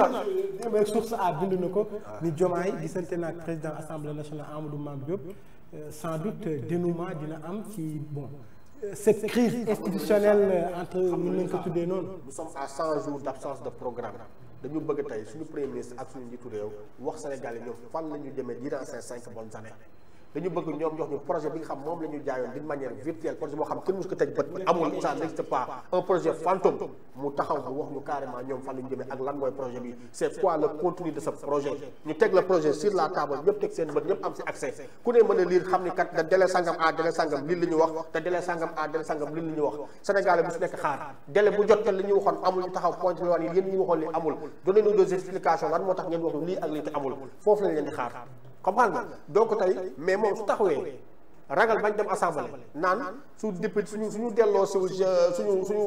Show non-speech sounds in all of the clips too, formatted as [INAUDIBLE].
xam nga démb source a bind na ko ni Diomaye gisante na ak président assemblée nationale Amadou Mame Diop euh, sans doute euh, dénouement dina am ci bon euh, cette crise institutionnelle entre mën nañ ko tuddee noonu nous sommes à cent jours d'absence de programme dañu bëgg tey suñu premier ministre ak suñu njiitu réew wax Sénégalais ñoom fan la ñu demee durant ces cinq bonnes années dañu bëgg ñoom jox ñu projet bi nga xam moom la ñu jaayoon d'une manière virtuelle projet boo xam kenn musu ko teg bët amul ça n'existe pas un projet fantôme mu taxaw mu wax ñu carrément ñoom fan la ñu jëmee ak a lii wax te délai sangam à délai sangam amul foofu lañ leen di xaar comprendre nga donc tey mais moom su taxawee ragal bañ dem assemblée naan su député suñu suñu delloo si suñu suñu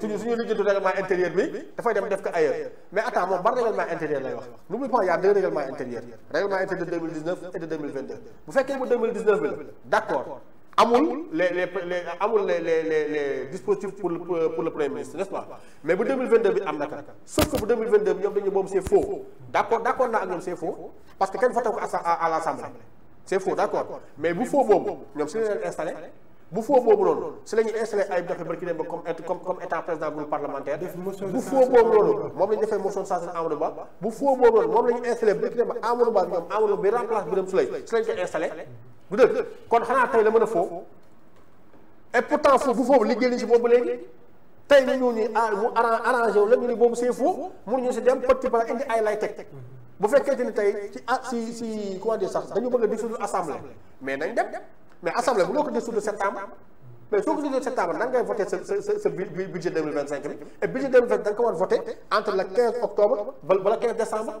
suñu suñu lijjantu règlement intérieur bi dafay dem def ko ailleurs mais attends moom ban règlement intérieur lay wax n'oublie pas y a deux règlements intérieurs règlement intérieur de 2019 et de 2022 bu fekkee bu 2019 bi la d'accord amul les les amul les les pour le premier ministre n'est-ce pas mais bu 2022 bi am na ka sauf que bu 2022 bi ñoom dañu moom si leen installé bu foo boobu loolu si la ñuy installé ay dafe barki dem ba comme état président groupe parlementaire bu foo boobu loolu moom la defee motion de censure Ba bu foo boobu loolu moom la ñu installé barki dem ba Amadou Ba ñoom Amadou bi remplace Birame Souleye si la koy installé bu dëgg kon xanaa tey la mën a foofu et pourtant foofu bu foofu liggéey nañ si boobu léegi tey ñu ñëw ñu mu arrangé wu la ñu boobu c'est faux mun ñu si dem petit par indi ay lay teg bu fekkente ni tey ci ah si si comment dire sax dañu bëgg a dissoudre assemblée mais nañ dem mais assemblée bu noo ko dissoudre septembre mais soo ko dissoudre septembre nan ngay voté sa sa sa budget 2025 bi et budget 2025 da war voté entre le 15 ba le 15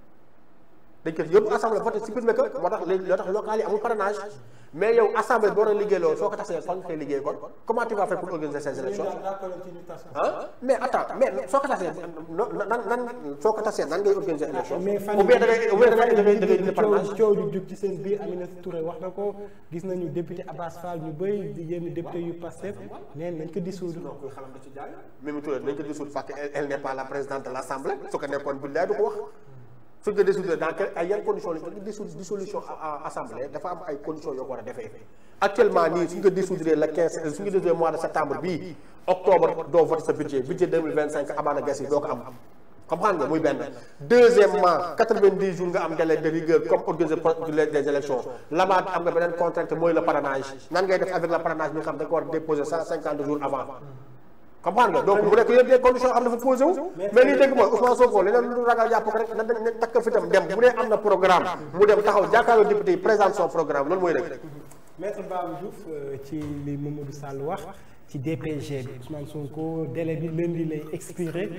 dañ ko yóbbu assemblée voté supprimer ko moo tax loo tax local yi amul parrainage mais yow assemblée boo doon liggéey loolu soo ko tasee fan koy liggéey kon comment tu pour organiser ces élections mais attends mais soo ko tasee nan nan ngay organiser élection ou bien da ngay ou bien da ngay da ngay da ngay dindi neen nañ ko dissoudre non koy xalam da la présidente de l'assemblée su ko nekkoon billaay du ko wax suñ ko dissoudre dans ay yan condition dissolution assemblée dafa am ay conditions yoo ko war a defee actuellement nii suñ ko dissoudre le 15 suñ ko dissoudre mois de septembre bii octobre doo voté sa budget budget 2025 amaana gas yi doo ko am xam xam nga muy benn deuxièmement 90 jours nga am délai de rigueur comme organiser des élections labaat am nga beneen contrainte mooy le parrainage nan ngay def avec le comprendre nga donc bu nekk yëpp des conditions xam dafa posé wu mais lii dégg mooy Ousmane Sonko leneen lu ragal yàpp ko rek na na fi tam dem bu dee am na programme mu dem taxaw jàkkaarloo député yi présente son programme loolu mooy dëgg maître Babou Diouf euh, ci li Mamadou Sall wax ci DPG bi Ousmane Sonko délai bi lundi lay expiré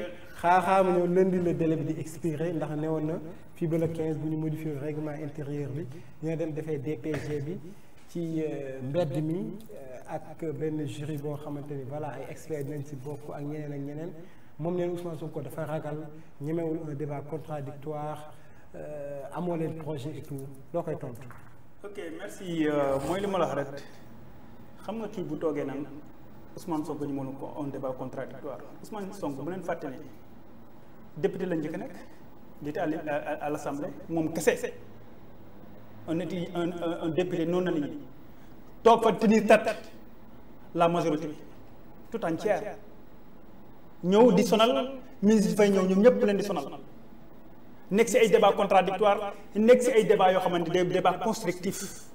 xaaxaam ñëw lundi la délai bi di expiré ndax woon na fii ba le 15 bu ñu modifié règlement intérieur bi dina dem defee DPG bi ci euh, mbedd mi euh, ak benn jury boo xamante ni voilà ay experts dinañ si bokk ak ñeneen ak ñeneen moom neen Ousmane Sonko dafa ragal ñemewul un débat contradictoire euh, amoo leen projet et tout loo koy tontu. ok merci mooy li ma la wax xam nga kii bu toogee naan Ousmane Sonko ñu mënu ko un débat contradictoire Ousmane Sonko bu leen fàttali député la njëkk nekk député à l'Assemblée moom kese. un, un, un, député non aligné toog fa tenir tête la majorité tout entière ñëw di sonal ministre fay ñëw ñoom ñëpp leen di sonal nekk ci ay débat contradictoire nekk si ay débat yoo xamante ne débat constructif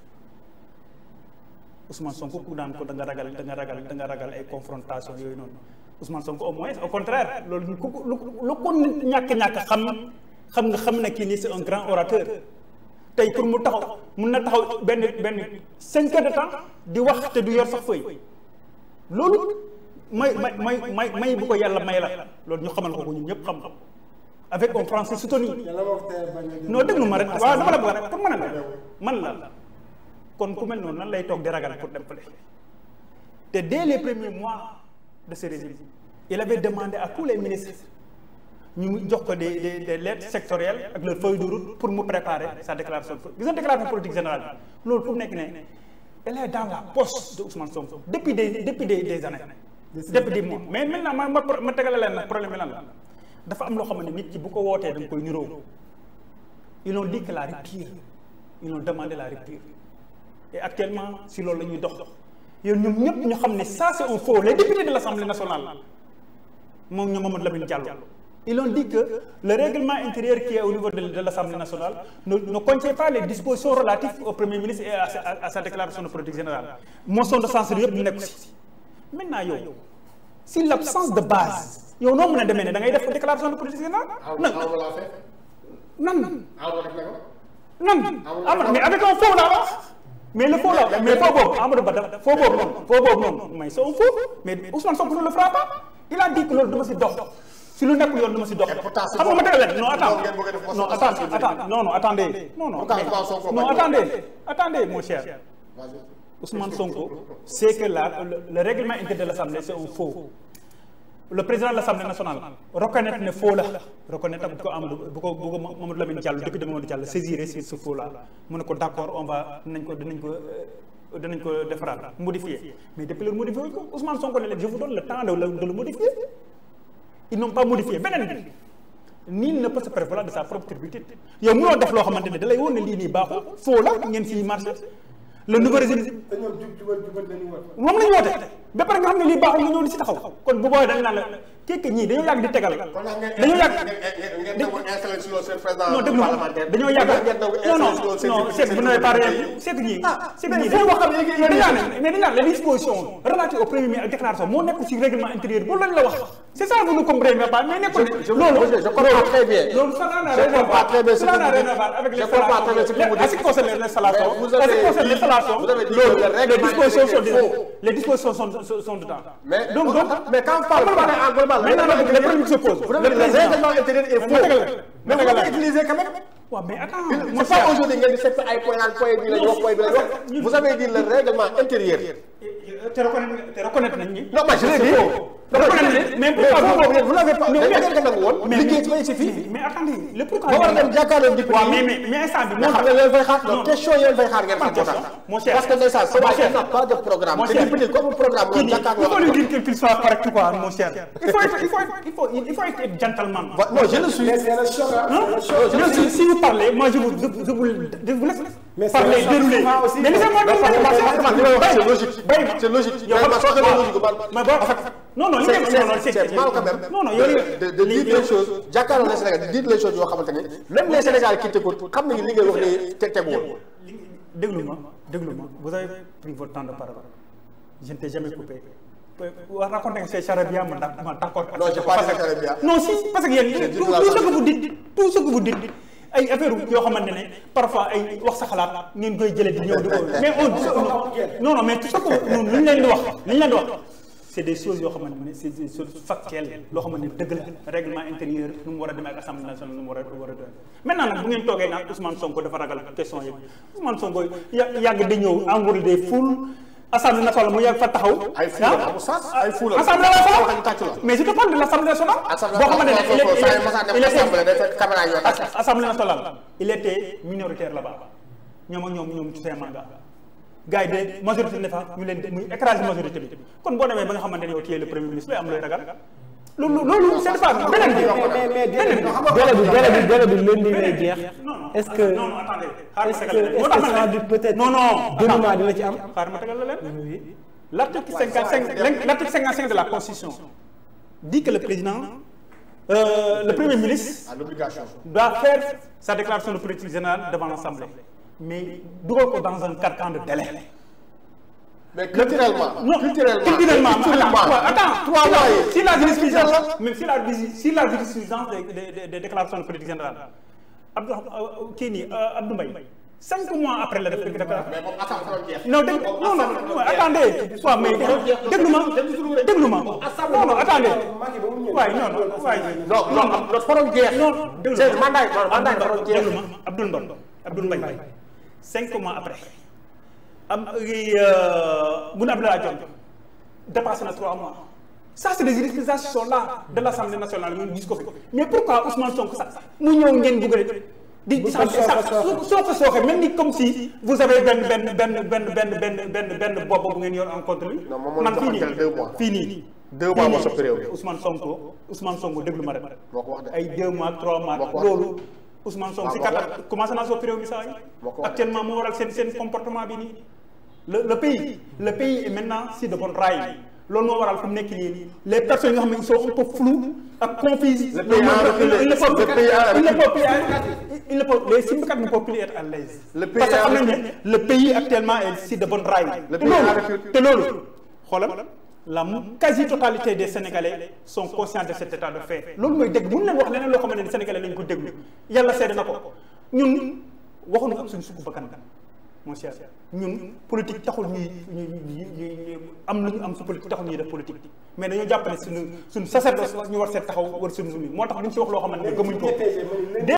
Ousmane Sonko ku daan ko da nga ragal danga nga ragal da nga ragal ay confrontation yooyu noonu Ousmane Sonko au moins au contraire loolu ku lu ko ñàkk-ñàkk xam xam nga xam na kii nii c'est un grand orateur tey pour mu taxaw mun na taxaw benn benn cinq heures de temps di wax te du yor sax feuille loolu may may may may bu ko yàlla may la loolu ñu xamal ko ko ñun ñëpp xam-xam avec un français soutenu non déglu ma rek waaw dama la bëgg pour mën a la man la kon ku mel noonu lan lay toog di ragal pour dem fële te dès les premiers mois de ce régime il avait demandé à tous les ministres ñu jox ko des des des lettres sectorielles ak leur feuille de pour mu préparer sa déclaration gis nga déclaration politique générale loolu fu nekk ne elle est dans de Ousmane Sonko depuis des depuis des des années. depuis des mois mais maintenant ma ma ma tegale leen nag la dafa am loo xam ne nit ki bu ko wootee da nga koy niroo ils ont dit que la la rupture et actuellement si loolu la ñuy dox yow ñoom ñëpp ñu xam ne ça c'est un faux les députés de l'Assemblée nationale moom ñoom Mamadou Lamine Diallo. Ils ont dit que le règlement intérieur qui est au niveau de, de l'Assemblée nationale ne, ne, contient pas les dispositions relatives au Premier ministre et à, sa déclaration de politique générale. Motion de censure, yop, Maintenant, yo, si l'absence de base, yo, non, on a demandé, on a fait déclaration de politique générale. Non. Non. Non. Non. Mais avec un faux là mais le faux là, mais faux bob, Amadou Bada, faux bob non, faux bob non, mais c'est un faux, si lu nekkul yoon du ma si dox. xam nga ma teg leen non attends non mon cher Ousmane Sonko c'est que la le règlement intérieur de l'Assemblée c'est un faux le président de l'Assemblée nationale reconnaître ne la reconnaître bu ko am bu ko bu mu ne ko d'accord on va dinañ ko dinañ euh, danañ ko defaraat modifier mais depuis le modifier ko Sonko ne leen je vous donne temps de le modifier ils n'ont pas modifié beneen bi nul ne peut se prévaloir sa propre turpitude yow mënoo def loo xamante ne da lay woon ne lii nii baaxul foo la ngeen fii marché le nouveau régime moom lañu woote ba pare nga xam ne lii baaxul nga ñëw di si taxaw kon bu booy dañ naan kekk ñii dañoo yàgg di tegal dañoo yàgg non déglu dañoo yàgg seet bu nawet pare seet ñii ah, seet ñii dañoo wax mais dañ naan la disposition relative au premier ministre ak moo nekk si règlement intérieur boobu lañ la wax c'est ça vous ne comprenez pas mais nekkul loolu je comprends très bien loolu ça n'a rien à voir ça n'a rien à voir avec les salations en ce qui concerne les salations son donc donc mais quand on parle en global. les problèmes qui se posent. mais on peut utiliser quand même. waaw mais pas aujourd'hui ngeen di seet ay point point bi point bi vous avez dit le règlement intérieur. te non mais je dafa tànn mais pourquoi boobu vous n'avez pas liggéey ci fii mais attendez le pourquoi boo war a dem jàkkaarloo député mais mais instant bi moo tax yéen fay xaar non question yéen fay xaar ngeen ko tax parce que ndeysaan Sénégal n'a pas de programme te député comme programme loolu jàkkaarloo il faut lui dire qu'il soit correct quoi mon cher [LAUGHS] il faut il faut il faut il faut être gentleman non je le suis je le suis si vous parlez moi je vous je vous laisse mais par les déroulés mais li c'est logique c'est logique mais bon non non li c'est mal quand même non de dire les choses jàkkaarloo na Sénégal di dire les choses yoo xamante ni même les Sénégalais qui t'écoutent xam nañu li ngay ni te teguwul déglu ma déglu vous avez pris temps de parole je ne t'ai jamais coupé waa raconté nga c'est ma d'accord non je parle non si parce que yéen tout ce que vous tout ce que vous ay affaire yoo xamante ne parfois ay wax sa xalaat ngeen koy jëlee di ñëw di ko mais on non non mais tout ce lu ñu leen di wax lu ñu leen di wax c'est des choses yoo xamante ne c'est des choses factuelles loo xamante dëgg la règlement intérieur nu mu war a demee ak assemblée nationale nu mu war a war a demee nag bu ngeen toogee naan Ousmane Sonko dafa ragal question yëpp Ousmane Sonko yàgg di ñëw envoyer des foules assemblée nationale mu yegg fa taxaw. ay fula ah. ay fula assemblée nationale mais je te parle de l' assemblée nationale. boo xamante ne il était assemblée minoritaire là-bas ñoom ñoom ñoom ci seen mandat de majorité ne fa ñu leen di muy écrasé majorité bi kon boo demee ba nga xamante ne yow tu es premier ministre lay am looy ragal. loolu loolu c' est pas beneen bi mais mais délai bi lundi lay jeex. est ce que est ce que peut être. non non dénouement dina ci am. xaaral ma la leen. l' article cinquante cinq l' article cinquante cinq de la constitution dit que le président euh, le premier ministre. doit faire sa déclaration de politique devant l' mais dugal ko dans un carcan de délai. mais culturellement non culturellement culturellement attends trois mois si la jurisprudence même si la si la jurisprudence des des déclarations de politique générale Abdou euh, euh, kii nii euh, Abdou Mbaye cinq mois après la def dëgg dëgg. mais moom Assane frontière. non dégg non non attendez. waaw mais déglu ma déglu ma. non non attendez. waay non non waay. non non non frontière. non déglu ma mandat yi mandat yi frontière. déglu ma Abdoul Mbaye Abdoul Mbaye cinq mois après. am euh, Boun Abdallah Dionne dépassé na trois mois ça c'est des utilisations de l'Assemblée nationale ñun gis ko fi mais pourquoi Ousmane Sonko sax mu ñëw ngeen bugg rek di di sax sooxe sooxe mel ni comme si vous avez benn benn benn benn benn benn benn benn bu ngeen yor en contre lui man fii nii fii nii deux mois moo soppi réew mi Ousmane Sonko Ousmane Sonko déglu ma rek ay deux mois trois mois loolu Ousmane Sonko si kat commencé naa soppi réew mi saa yi le le pays le pays est maintenant sur de bonnes rails loolu moo waral fu mu nekk nii les personnes yoo xam ne ils sont un peu floues ak confuses. le pays a reculé le pays a reculé il ne le pays actuellement est sur de bonnes rails. le pays a reculé te loolu xoolal. la quasi-totalité des Sénégalais sont conscients de cet état de fait loolu mooy dégg mun leen wax leneen loo xamante ne Sénégalais lañ ko déglu yàlla seede na ko ñun waxuñu ak suñu sukk bakkan mon cher ñun politique taxul ñuy ñuy am lu ñu am su politique taxul ñuy def politique mais dañoo jàpp ne suñu suñu sacerdoce ñu war seet taxaw war suñu sumi moo tax duñ si wax loo xamante ne gëmuñ ko